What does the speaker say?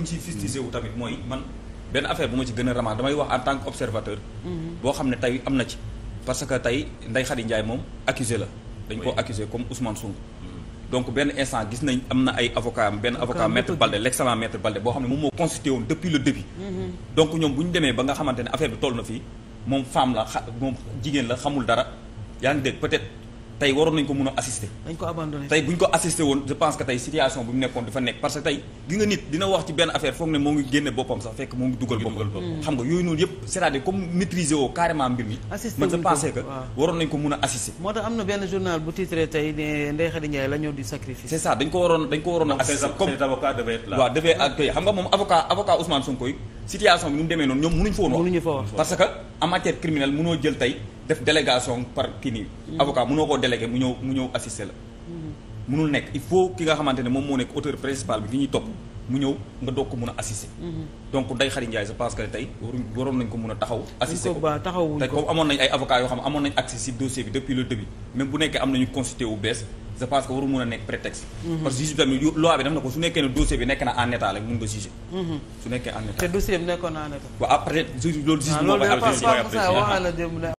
kuñ ci fistisé wu tamit mooy man benn affaire bu ma ci gën a ramaa damay wax en tant que observateur mm-hmm. boo xam ne tey am na ci parce que tey Ndeye Khady Ndiaye moom accusé la dañ ko accusé comme Ousmane Sonko mm-hmm. donc benn instant gis nañ am na ay avocat am benn avocat maître Balde l'excellent maître Balde boo xam ne moom moo constitué woon depuis le début mm-hmm. donc ñoom bu ñu demee ba nga xamante ne affaire bi toll na fii moom femme la xa moom jigéen la xamul dara yaa ngi tey waroon nañ ko mun a assister. dañ ko abandonné tey bu ñu ko assister woon je pense que tey situation bu mu nekkoon dafa nekk parce que tey gi nga nit dina wax ci benn affaire foog ne moo ngi génne boppam sax fekk moo ngi dugal boppam. xam nga yooyu noonu yëpp cest à moo tax am na benn journal bu titré tey ne Ndeye Khady Ndiaye sacrifice. c'est ça dañ ko waroon dañ ko waroon a assister comme avocat devait ak tey xam nga moom avocat avocat Ousmane Sonko yi situation def délégation par kii nii. Mm-hmm. avocat mënoo koo délégué mu ñëw mu ñëw assister la. mënul mm-hmm. nekk il faut ki nga xamante ne moom moo nekk auteur principal bi ki ñuy topp mu ñëw nga doog ko mun a assister. Mm-hmm. donc Ndeye Khady Ndiaye je pense que tey waroon nañ ko mun a taxaw. assister ko tey comme amoon nañ ay avocats yoo xam amoon nañ accès depuis le début même bu nekkee am nañu constitué wu bees. je pense que waru mën a nekk prétexte. parce que juge bi tamit